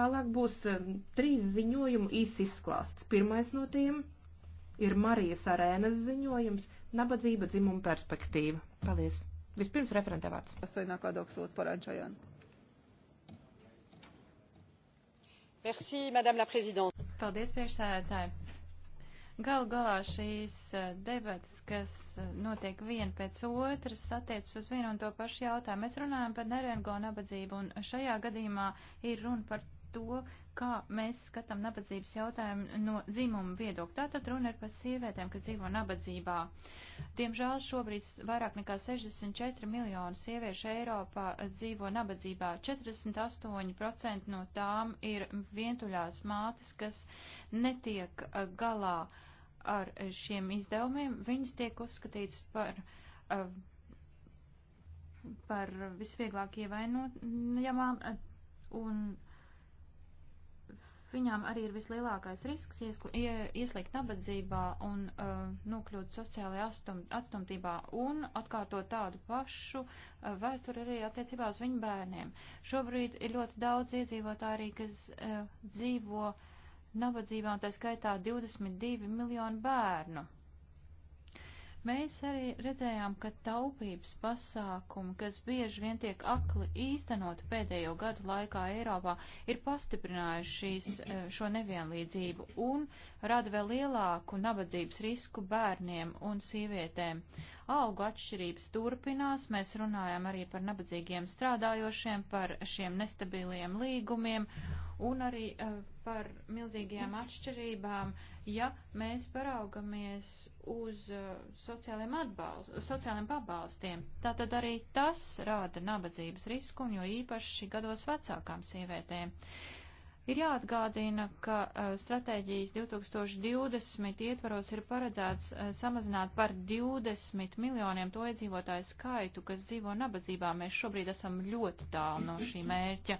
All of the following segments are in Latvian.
Tālāk būs um, trīs ziņojumu īs izklāsts. Pirmais no tiem ir Marijas arēnas ziņojums - nabadzība dzimuma perspektīva. Paldies! Vispirms referentē vārds. Astoinākā doksot parančajan. Merci, madame la présidente. Paldies, priekšsēdētāji. Gal galā šīs uh, debatas, kas uh, notiek viena pēc otras, attiecas uz vienu un to pašu jautājumu. Mēs runājam par nerengo nabadzību, un šajā gadījumā ir runa par to, kā mēs skatām nabadzības jautājumu no dzimuma viedokļa. Tātad runa ir par sievietēm, kas dzīvo nabadzībā. Diemžēl šobrīd vairāk nekā 64 miljonu sieviešu Eiropā dzīvo nabadzībā. 48% no tām ir vientuļās mātes, kas netiek galā ar šiem izdevumiem. Viņas tiek uzskatītas par. Uh, par visvieglāk ievainojamām un Viņām arī ir vislielākais risks iesku, ie, ieslīgt nabadzībā un uh, nokļūt sociālajā astum, atstumtībā un atkārtot tādu pašu uh, vēsturi arī attiecībā uz viņu bērniem. Šobrīd ir ļoti daudz iedzīvotāji arī, kas uh, dzīvo nabadzībā, un tā skaitā 22 miljonu bērnu. Mēs arī redzējām, ka taupības pasākumi, kas bieži vien tiek akli īstenot pēdējo gadu laikā Eiropā, ir pastiprinājuši šīs, eh, šo nevienlīdzību un rada vēl lielāku nabadzības risku bērniem un sievietēm. Algu atšķirības turpinās, mēs runājam arī par nabadzīgiem strādājošiem, par šiem nestabiliem līgumiem un arī uh, par milzīgajām atšķirībām, ja mēs paraugamies uz uh, sociāliem, atbalst, sociāliem pabalstiem. Tātad arī tas rāda nabadzības risku, un jo īpaši gados vecākām sievietēm. Ir jāatgādina, ka uh, stratēģijas 2020 ietvaros ir paredzēts uh, samazināt par 20 miljoniem to iedzīvotāju skaitu, kas dzīvo nabadzībā. Mēs šobrīd esam ļoti tālu no šī mērķa.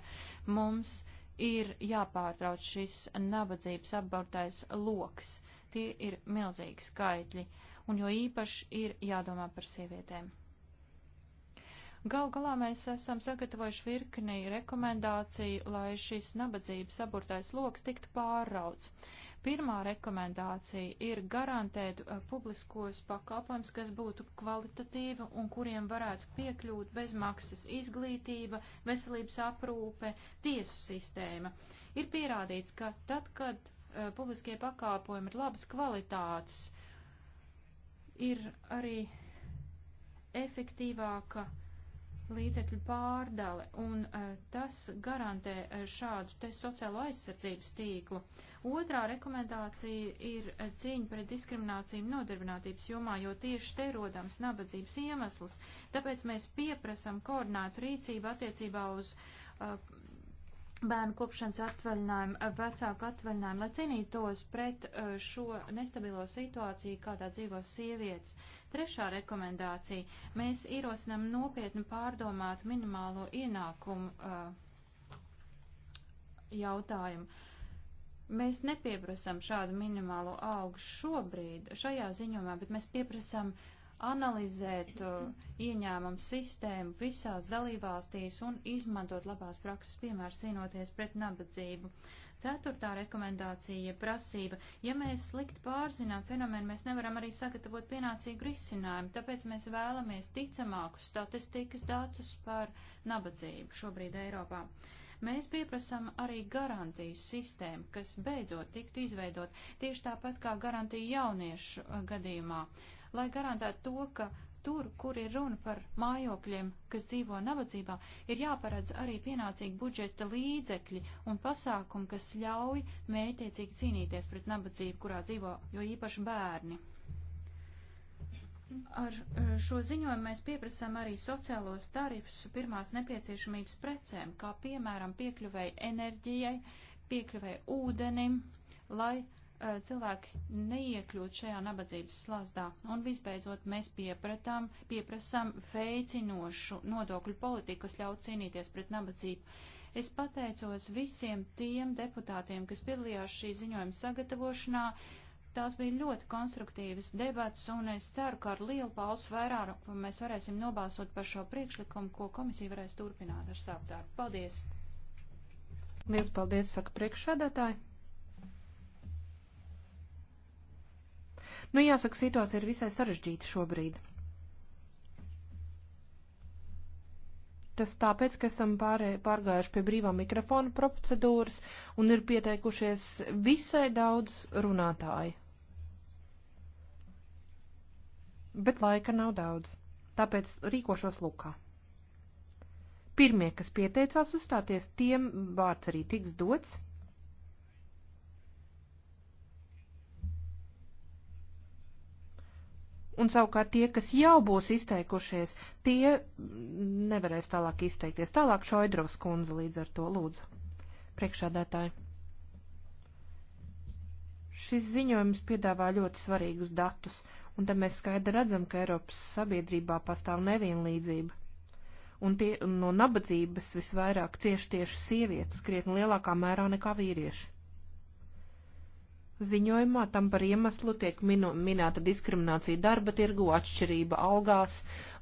Mums ir jāpārtrauc šis nabadzības apbaudais loks. Tie ir milzīgi skaitļi, un jo īpaši ir jādomā par sievietēm. Gal galā mēs esam sagatavojuši virkni rekomendāciju, lai šis nabadzības saburtais loks tiktu pārrauts. Pirmā rekomendācija ir garantēt uh, publiskos pakalpojums, kas būtu kvalitatīvi un kuriem varētu piekļūt bez maksas izglītība, veselības aprūpe, tiesu sistēma. Ir pierādīts, ka tad, kad Eh, publiskie pakāpojumi ir labas kvalitātes, ir arī efektīvāka līdzekļu pārdale, un eh, tas garantē eh, šādu te sociālo aizsardzības tīklu. Otrā rekomendācija ir cīņa pret diskrimināciju nodarbinātības jomā, jo tieši te rodams nabadzības iemesls, tāpēc mēs pieprasam koordinātu rīcību attiecībā uz uh, bērnu kopšanas atvaļinājumu, vecāku atvaļinājumu, lai cīnītos pret uh, šo nestabilo situāciju, kādā dzīvo sievietes. Trešā rekomendācija. Mēs ierosinām nopietni pārdomāt minimālo ienākumu uh, jautājumu. Mēs nepieprasam šādu minimālo augu šobrīd šajā ziņumā, bet mēs pieprasam uh, analizēt uh, ieņēmumu sistēmu visās dalībvalstīs un izmantot labās prakses piemērs cīnoties pret nabadzību. Ceturtā rekomendācija prasība. Ja mēs slikti pārzinām fenomenu, mēs nevaram arī sagatavot pienācīgu risinājumu, tāpēc mēs vēlamies ticamākus statistikas datus par nabadzību šobrīd Eiropā. Mēs pieprasām arī garantiju sistēmu, kas beidzot tiktu izveidot tieši tāpat kā garantija jauniešu uh, gadījumā. Uh, lai garantētu to, ka tur, kur ir runa par mājokļiem, kas dzīvo nabadzībā, ir jāparedz arī pienācīgi budžeta līdzekļi un pasākumi, kas ļauj mērķiecīgi cīnīties pret nabadzību, kurā dzīvo jo īpaši bērni. Ar eh, šo ziņojumu mēs pieprasām arī sociālos tarifus pirmās nepieciešamības precēm, kā piemēram piekļuvēja enerģijai, piekļuvēja ūdenim, lai Eh, cilvēki neiekļūt šajā nabadzības slazdā. Un visbeidzot, mēs piepratām, pieprasām veicinošu nodokļu politiku, kas ļauj cīnīties pret nabadzību. Es pateicos visiem tiem deputātiem, kas piedalījās šī ziņojuma sagatavošanā. Tās bija ļoti konstruktīvas debats, un es ceru, ka ar lielu pausu vairāk mēs varēsim nobāsot par šo priekšlikumu, ko komisija varēs turpināt ar savu darbu. Paldies! Liels paldies, saka priekšsādātāji! Nu, jāsaka, situācija ir visai sarežģīta šobrīd. Tas tāpēc, ka esam pārē, pārgājuši pie brīvā mikrofona procedūras un ir pieteikušies visai daudz runātāji. Bet laika nav daudz, tāpēc rīkošos lukā pirmie, kas pieteicās uzstāties, tiem vārds arī tiks dots. un savukārt tie, kas jau būs izteikušies, tie nevarēs tālāk izteikties. Tālāk Šoidrovs kundze līdz ar to lūdzu. Priekšādētāji. Šis ziņojums piedāvā ļoti svarīgus datus, un te mēs skaidri redzam, ka Eiropas sabiedrībā pastāv nevienlīdzība. Un tie, un no nabadzības visvairāk cieši tieši sievietes, krietni lielākā mērā nekā vīrieši. Ziņojumā tam par iemeslu tiek minu, minēta diskriminācija darba tirgu, atšķirība algās.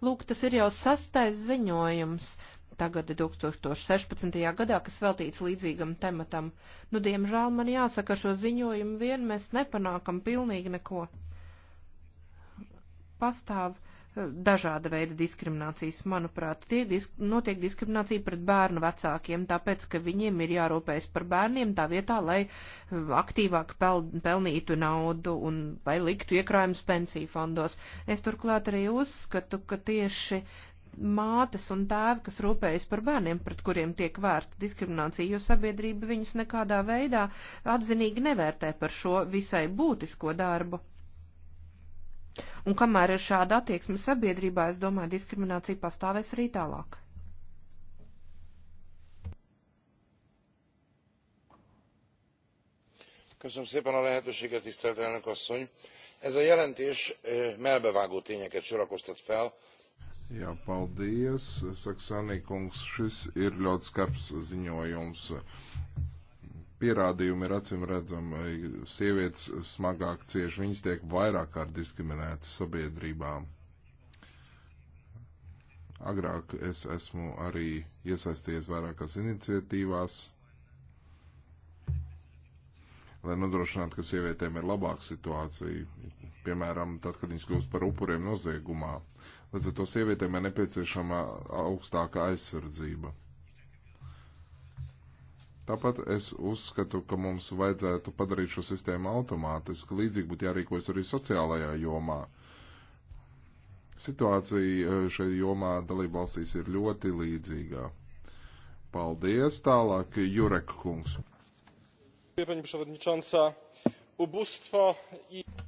Lūk, tas ir jau sastais ziņojums tagad 2016. gadā, kas veltīts līdzīgam tematam. Nu, diemžēl man jāsaka, šo ziņojumu vien mēs nepanākam pilnīgi neko. Pastāv uh, dažāda veida diskriminācijas. Manuprāt, disk notiek diskriminācija pret bērnu vecākiem, tāpēc, ka viņiem ir jārūpējas par bērniem tā vietā, lai eh, aktīvāk pel pelnītu naudu un lai liktu iekrājumus pensiju fondos. Es turklāt arī uzskatu, ka tieši mātes un tēvi, kas rūpējas par bērniem, pret kuriem tiek vērsta diskriminācija, jo sabiedrība viņus nekādā veidā atzinīgi nevērtē par šo visai būtisko darbu. Un kamēr ir šāda attieksme sabiedrībā, es domāju, diskriminācija pastāvēs arī tālāk. Köszönöm szépen a lehetőséget, tisztelt elnök asszony! Ez a jelentés melbevágó tényeket sorakoztat fel. Jā, paldies, Saksanī kungs, šis ir ļoti skarbs ziņojums pierādījumi ir acīm redzami. Sievietes smagāk cieši, viņas tiek vairāk kārt diskriminētas sabiedrībām. Agrāk es esmu arī iesaistījies vairākās iniciatīvās, lai nodrošinātu, ka sievietēm ir labāka situācija, piemēram, tad, kad viņas kļūst par upuriem noziegumā. Līdz ar to sievietēm ir nepieciešama augstāka aizsardzība. Tāpat es uzskatu, ka mums vajadzētu padarīt šo sistēmu automātisku, līdzīgi būtu jārīkojas arī sociālajā jomā. Situācija e, šajā jomā dalībvalstīs ir ļoti līdzīgā. Paldies, tālāk Jurek kungs.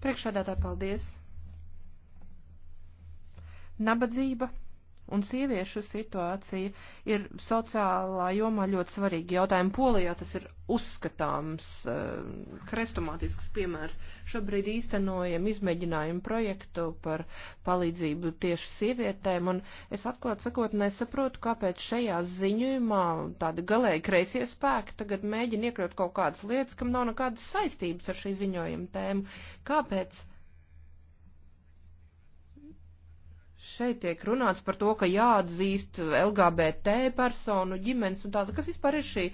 Priekšādātā paldies. Nabadzība un sieviešu situācija ir sociālā jomā ļoti svarīgi jautājumi. Polijā tas ir uzskatāms, krestomātisks eh, piemērs. Šobrīd īstenojam izmēģinājumu projektu par palīdzību tieši sievietēm, un es atklāt sakot nesaprotu, kāpēc šajā ziņojumā tādi galēji kreisie spēki tagad mēģina iekļaut kaut kādas lietas, kam nav nekādas saistības ar šī ziņojuma tēmu. Kāpēc? Šeit tiek runāts par to, ka jāatzīst LGBT personu ģimenes un tāda, kas vispār ir šī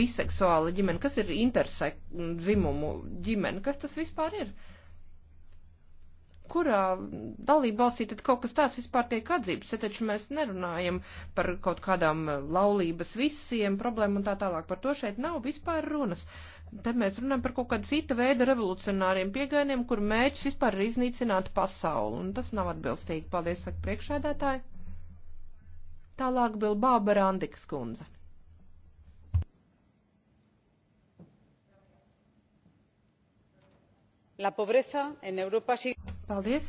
biseksuāla ģimene, kas ir intersek dzimumu ģimene, kas tas vispār ir. Kurā dalība valstī tad kaut kas tāds vispār tiek atzīts, ja taču mēs nerunājam par kaut kādām laulības visiem problēmu un tā tālāk, par to šeit nav vispār runas. Uh, Tad mēs runājam par kaut kādu citu veidu revolucionāriem piegainiem, kur mērķis vispār ir iznīcināt pasauli, un tas nav atbilstīgi. Paldies, saka priekšēdētāji. Tālāk Bilbao Barandikas kundze. La pobreza en Europa sigue. Paldies.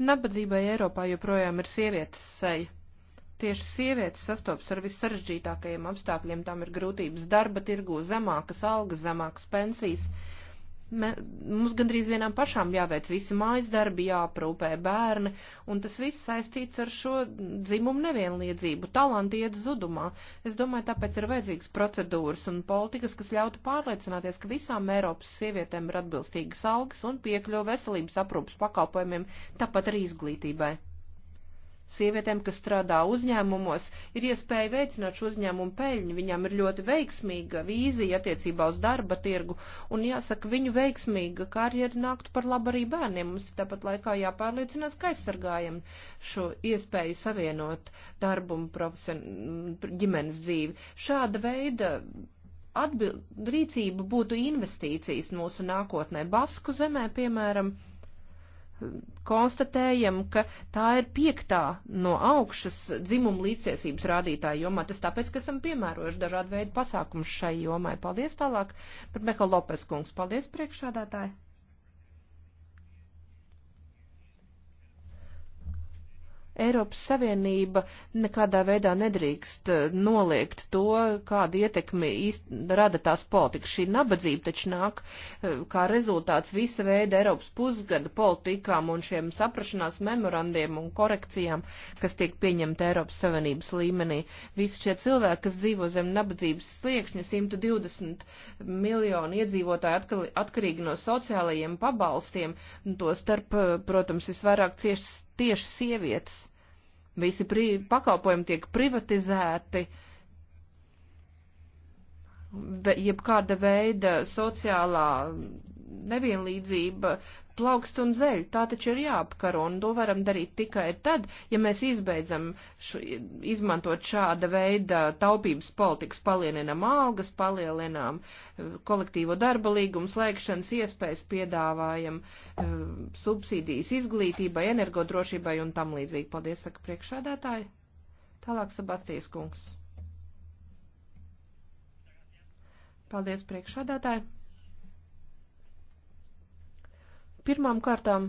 Nabadzībai Eiropā joprojām ir sievietes seja Tieši sievietes sastopas ar vissaržģītākajiem apstākļiem, tām ir grūtības darba tirgu, zemākas algas, zemākas pensijas. Me, mums gandrīz vienām pašām jāveic visi mājas darbi, jāprūpē bērni, un tas viss saistīts ar šo dzimumu nevienlīdzību. Talanti iet zudumā. Es domāju, tāpēc ir vajadzīgas procedūras un politikas, kas ļautu pārliecināties, ka visām Eiropas sievietēm ir atbilstīgas algas un piekļuva veselības aprūpas pakalpojumiem, tāpat arī izglītībai. Sievietēm, kas strādā uzņēmumos, ir iespēja veicināt šo uzņēmumu peļņu. Viņām ir ļoti veiksmīga vīzija attiecībā uz darba tirgu, un jāsaka, viņu veiksmīga karjera nāktu par labu arī bērniem. Mums ir tāpat laikā jāpārliecinās, ka aizsargājam šo iespēju savienot darbu un ģimenes dzīvi. Šāda veida atbild, rīcība būtu investīcijas mūsu nākotnē. Basku zemē, piemēram, konstatējam, ka tā ir piektā no augšas dzimuma līdztiesības rādītāja jomā. Tas tāpēc, ka esam piemērojuši dažādu veidu pasākumus šai jomai. Paldies tālāk par Meka Lopes kungs. Paldies priekšādātāji. Eiropas Savienība nekādā veidā nedrīkst eh, noliegt to, kāda ietekme īst, rada tās politika. Šī nabadzība taču nāk eh, kā rezultāts visa veida Eiropas pusgada politikām un šiem saprašanās memorandiem un korekcijām, kas tiek pieņemta Eiropas Savienības līmenī. Visi šie cilvēki, kas dzīvo zem nabadzības sliekšņa, 120 miljoni iedzīvotāji atkarīgi no sociālajiem pabalstiem, to starp, eh, protams, visvairāk cieši tieši sievietes. Visi pri, pakalpojumi tiek privatizēti, jebkāda veida sociālā nevienlīdzība plaukst un zeļ. Tā taču ir jāapkaro, un to varam darīt tikai tad, ja mēs izbeidzam š, izmantot šāda veida taupības politikas, palielinam algas, palielinām eh, kolektīvo darba līgumu slēgšanas iespējas, piedāvājam eh, subsīdijas izglītībai, energodrošībai un tam līdzīgi. Paldies, saka priekšādātāji. Tālāk Sebastijas kungs. Paldies priekšādātāji. Pirmām kārtām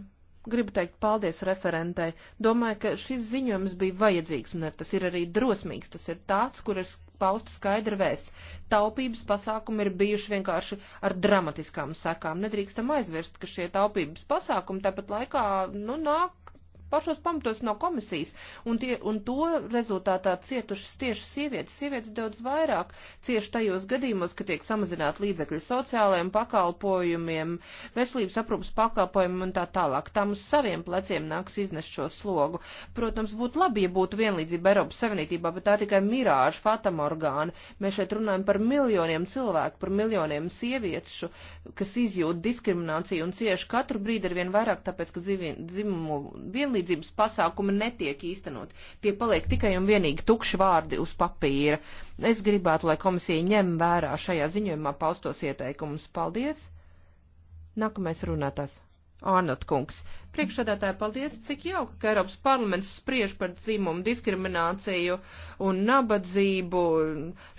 gribu teikt paldies referentai. Domāju, ka šis ziņojums bija vajadzīgs, un tas ir arī drosmīgs. Tas ir tāds, kur ir pausta skaidra vēsts. Taupības pasākumi ir bijuši vienkārši ar dramatiskām sekām. Nedrīkstam aizvirst, ka šie taupības pasākumi tāpat laikā, nu, nāk pašos pamatos no komisijas, un, tie, un to rezultātā cietušas tieši sievietes. Sievietes daudz vairāk cieši tajos gadījumos, ka tiek samazināt līdzekļi sociālajiem pakalpojumiem, veselības aprūpas pakalpojumiem un tā tālāk. Tām uz saviem pleciem nāks iznest šo slogu. Protams, būtu labi, ja būtu vienlīdzība Eiropas Savienībā, bet tā tikai mirāža, fatamorgāna. Mēs šeit runājam par miljoniem cilvēku, par miljoniem sieviešu, kas izjūt diskrimināciju un cieši katru brīdi ar vien vairāk, tāpēc, ka dzimumu vienlīdzība palīdzības pasākumi netiek īstenot. Tie paliek tikai un vienīgi tukši vārdi uz papīra. Es gribētu, lai komisija ņem vērā šajā ziņojumā paustos ieteikumus. Paldies! Nākamais runātājs. Arnot kungs. Priekšsādātāji, paldies, cik jauka, ka Eiropas parlaments spriež par dzimumu diskrimināciju un nabadzību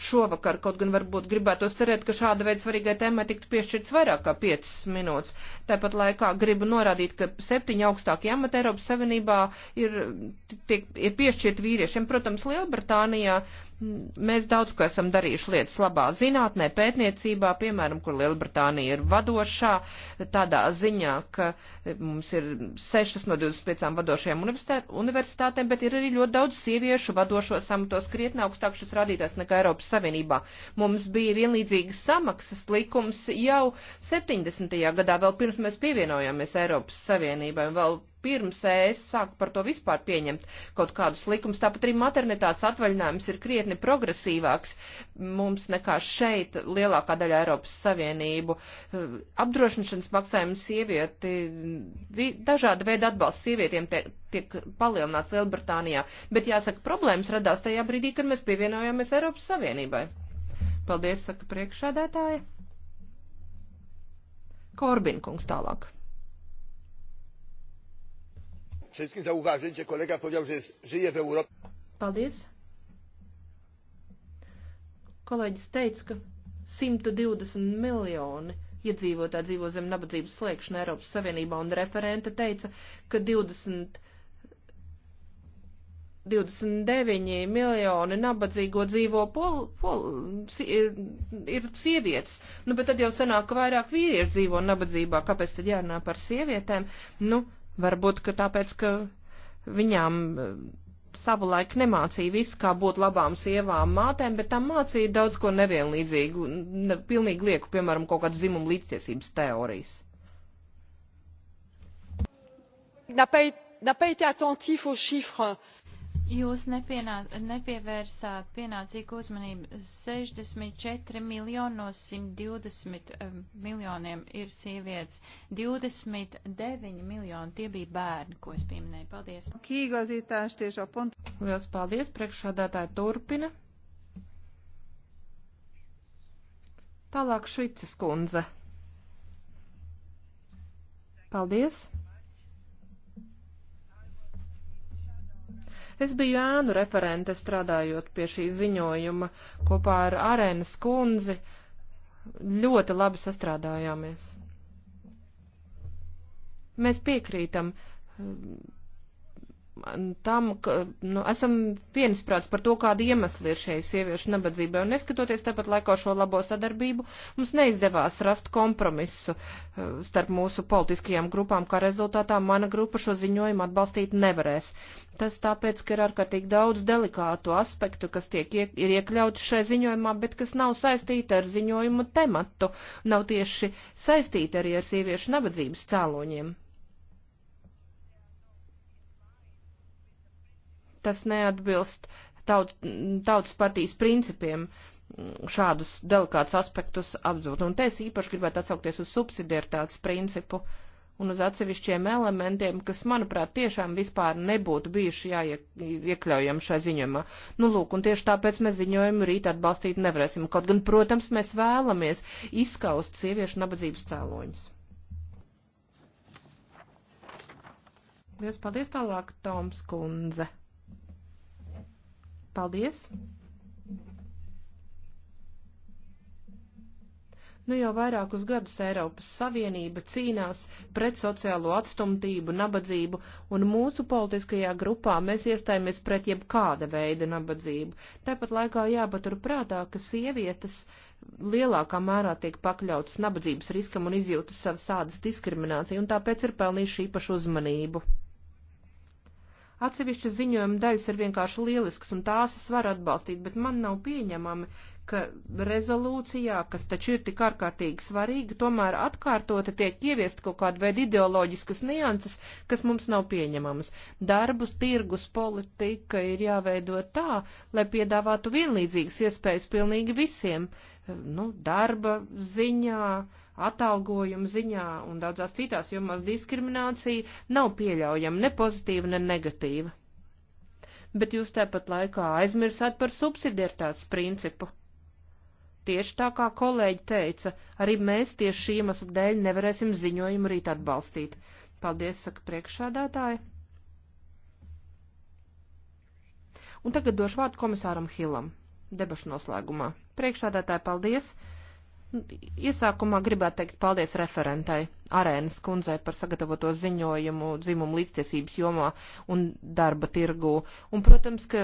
šovakar, kaut gan varbūt gribētos cerēt, ka šāda veida svarīgai tēmai tiktu piešķirts vairāk kā 5 minūtes. Tāpat laikā gribu norādīt, ka septiņi augstākie amati Eiropas Savienībā ir, tiek, ir piešķirt vīriešiem. Protams, Lielbritānijā Mēs daudz ko esam darījuši lietas labā zinātnē, pētniecībā, piemēram, kur Lielbritānija ir vadošā, tādā ziņā, ka mums ir 6 no 25 vadošajām universitātēm, bet ir arī ļoti daudz sieviešu vadošos amatos krietni augstāk šis rādītājs nekā Eiropas Savienībā. Mums bija vienlīdzīgas samaksas likums jau 70. gadā, vēl pirms mēs pievienojāmies Eiropas Savienībai, vēl pirms es sāku par to vispār pieņemt kaut kādus likumus. Tāpat arī maternitātes atvaļinājums ir krietni progresīvāks mums nekā šeit lielākā daļa Eiropas Savienību. Eh, apdrošināšanas maksājumi sievieti, dažāda veida atbalsts sievietiem tiek, tiek palielināts Lielbritānijā, bet jāsaka, problēmas radās tajā brīdī, kad mēs pievienojāmies Eiropas Savienībai. Paldies, saka priekšādētāja. Korbinkungs tālāk przede wszystkim zauważyć, że kolega powiedział, że jest, żyje w Europie. Paldies. Kolēģis teica, ka 120 miljoni iedzīvotāji dzīvo zem nabadzības slēgšana Eiropas Savienībā, un referente teica, ka 20, 29 miljoni nabadzīgo dzīvo pol, pol, ir, ir sievietes. Nu, bet tad jau sanāk, ka vairāk vīrieši dzīvo nabadzībā, kāpēc tad jārunā par sievietēm? Nu, Varbūt, ka tāpēc, ka viņām e, savulaik nemācīja viss, kā būt labām sievām mātēm, bet tam mācīja daudz ko nevienlīdzīgu, ne, pilnīgi lieku, piemēram, kaut kādas dzimuma līdztiesības teorijas. N'a pas été attentif aux chiffres Jūs nepienā, nepievērsāt pienācīgu uzmanību. 64 miljoni no 120 miljoniem ir sievietes. 29 miljoni tie bija bērni, ko es pieminēju. Paldies. Kīgozītāši tiešo punktu. Lielas paldies. Priekšādātāji turpina. Tālāk Švicas kundze. Paldies. Es biju ēnu referente strādājot pie šī ziņojuma kopā ar Arēnas kundzi. Ļoti labi sastrādājāmies. Mēs piekrītam tam, ka nu, esam viensprāts par to, kāda iemesla ir šai sieviešu nabadzībai. Un neskatoties tāpat laikā šo labo sadarbību, mums neizdevās rast kompromisu uh, starp mūsu politiskajām grupām, kā rezultātā mana grupa šo ziņojumu atbalstīt nevarēs. Tas tāpēc, ka ir ārkārtīgi daudz delikātu aspektu, kas tiek iek, ir iekļauti šai ziņojumā, bet kas nav saistīti ar ziņojumu tematu, nav tieši saistīti arī ar sieviešu nabadzības cēloņiem. Tas neatbilst taut, tautas partijas principiem mm, šādus delikātus aspektus apzūt. Un te es īpaši gribētu atsaukties uz subsidiaritātes principu un uz atsevišķiem elementiem, kas, manuprāt, tiešām vispār nebūtu bijuši jāiekļaujam šai ziņojumā. Nu, lūk, un tieši tāpēc mēs ziņojumu rīt atbalstīt nevarēsim. Kaut gan, protams, mēs vēlamies izskaust sieviešu nabadzības cēloņus. Liels paldies tālāk, Toms Kunze. Paldies! Nu jau vairākus gadus Eiropas Savienība cīnās pret sociālo atstumtību, nabadzību, un mūsu politiskajā grupā mēs iestājamies pret jebkāda veida nabadzību. Tāpat laikā jāpatur prātā, ka sievietes lielākā mērā tiek pakļautas nabadzības riskam un izjūtas savas ādas diskrimināciju, un tāpēc ir pelnījuši īpašu uzmanību. Atsevišķas ziņojuma daļas ir vienkārši lielisks, un tās es varu atbalstīt, bet man nav pieņemami, ka rezolūcijā, kas taču ir tik ārkārtīgi svarīga, tomēr atkārtota tiek ieviest kaut kāda veida ideoloģiskas nianses, kas mums nav pieņemamas. Darbus, tirgus, politika ir jāveido tā, lai piedāvātu vienlīdzīgas iespējas pilnīgi visiem, nu, darba ziņā, uh, atalgojuma ziņā un daudzās citās jomās diskriminācija nav pieļaujama, ne pozitīva, ne negatīva. Bet jūs tāpat laikā aizmirsāt par subsidiertāts principu. Tieši tā kā kolēģi teica, arī mēs tieši šī iemesla dēļ nevarēsim ziņojumu rīt atbalstīt. Paldies, saka priekšādātāji. Un tagad došu vārdu komisāram Hilam. Debašu noslēgumā. Priekšādātāji, paldies! Iesākumā gribētu teikt paldies referentai Arēnas kundzei par sagatavoto ziņojumu dzimumu līdztiesības jomā un darba tirgū. Un, protams, ka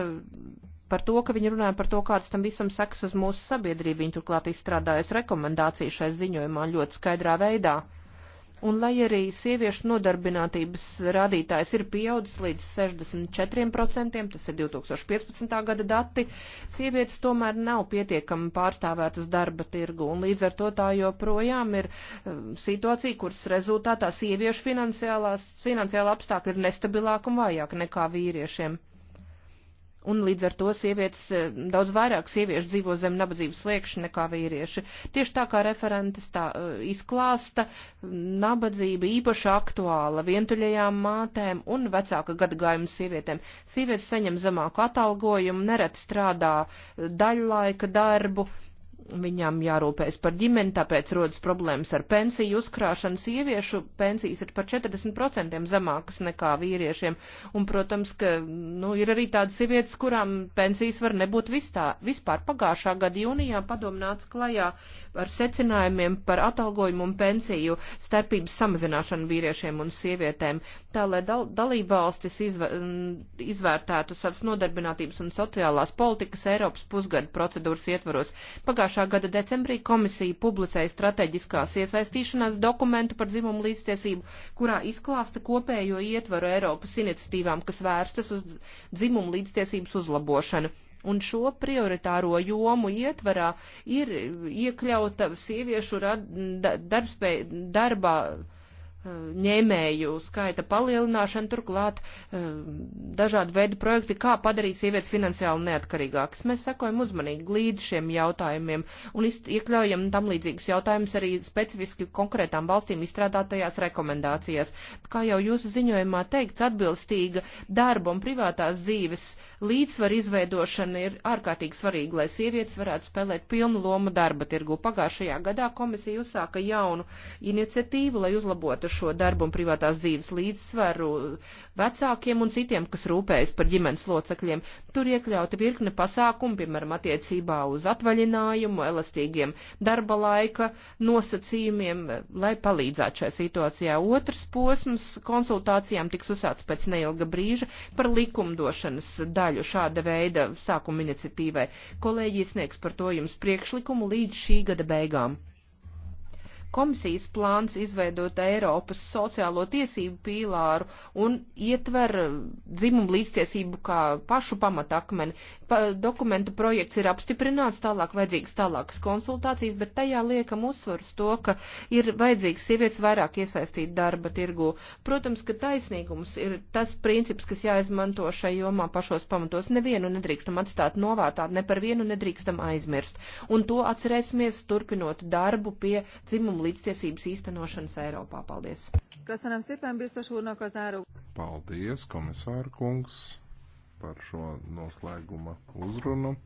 par to, ka viņi runāja par to, kāds tam visam seks uz mūsu sabiedrību, viņi turklāt izstrādājas rekomendāciju šai ziņojumā ļoti skaidrā veidā. Un lai arī sieviešu nodarbinātības rādītājs ir pieaudzis līdz 64%, tas ir 2015. gada dati, sievietes tomēr nav pietiekami pārstāvētas darba tirgu, un līdz ar to tā joprojām ir um, situācija, kuras rezultātā sieviešu finansiālā apstākļa ir nestabilāka un vājāka nekā vīriešiem. Un līdz ar to sievietes, eh, daudz vairāk sieviešu dzīvo zem nabadzības sliekšņa nekā vīrieši. Tieši tā kā referentes tā eh, izklāsta, nabadzība īpaši aktuāla vientuļajām mātēm un vecāka gadagājuma sievietēm. Sievietes saņem zemāku atalgojumu, neret strādā eh, daļlaika darbu viņām jārūpējas par ģimeni, tāpēc rodas problēmas ar pensiju uzkrāšanu. Sieviešu pensijas ir par 40% zemākas nekā vīriešiem, un, protams, ka, nu, ir arī tādas sievietes, kurām pensijas var nebūt vistā, vispār. Pagājušā gada jūnijā padomnāts klajā ar secinājumiem par atalgojumu un pensiju starpības samazināšanu vīriešiem un sievietēm, tā lai dal dalībvalstis izv izvērtētu savas nodarbinātības un sociālās politikas Eiropas pusgada procedūras ietvaros. Pagājušā pagājušā gada decembrī komisija publicēja strateģiskās iesaistīšanās dokumentu par dzimumu līdztiesību, kurā izklāsta kopējo ietvaru Eiropas iniciatīvām, kas vērstas uz dzimumu līdztiesības uzlabošanu. Un šo prioritāro jomu ietvarā ir iekļauta sieviešu rad, darbspēj, darbā ņēmēju skaita palielināšana, turklāt eh, dažādu veidu projekti, kā padarīt sievietes finansiāli neatkarīgākas. Mēs sakojam uzmanīgi līdz šiem jautājumiem un iekļaujam tam līdzīgus jautājumus arī specifiski konkrētām valstīm izstrādātajās rekomendācijās. Kā jau jūsu ziņojumā teikts, atbilstīga darba un privātās dzīves līdzsvar izveidošana ir ārkārtīgi svarīga, lai sievietes varētu spēlēt pilnu lomu darba tirgu. Pagājušajā gadā komisija uzsāka jaunu iniciatīvu, lai uzlabotu šo darbu un privātās dzīves līdzsvaru vecākiem un citiem, kas rūpējas par ģimenes locekļiem. Tur iekļauta virkne pasākumu, piemēram, attiecībā uz atvaļinājumu, elastīgiem darba laika nosacījumiem, lai palīdzētu šajā situācijā. Otrs posms konsultācijām tiks uzsāts pēc neilga brīža par likumdošanas daļu šāda veida sākuma iniciatīvai. Kolēģi sniegs par to jums priekšlikumu līdz šī gada beigām. Komisijas plāns izveidot Eiropas sociālo tiesību pīlāru un ietver dzimumu līdztiesību kā pašu pamatakmeni. Pa, dokumentu projekts ir apstiprināts, tālāk vajadzīgs tālākas konsultācijas, bet tajā liekam uzsvars to, ka ir vajadzīgs sievietes vairāk iesaistīt darba tirgu. Protams, ka taisnīgums ir tas princips, kas jāizmanto šai jomā pašos pamatos. Nevienu nedrīkstam atstāt novārtā, ne par vienu nedrīkstam aizmirst. Un to atcerēsimies turpinot darbu pie dzimumu dzimumu līdztiesības īstenošanas Eiropā. Paldies! Köszönöm szépen, biztos úrnak az áru. Paldies, komisāra kungs, par šo noslēguma uzrunu.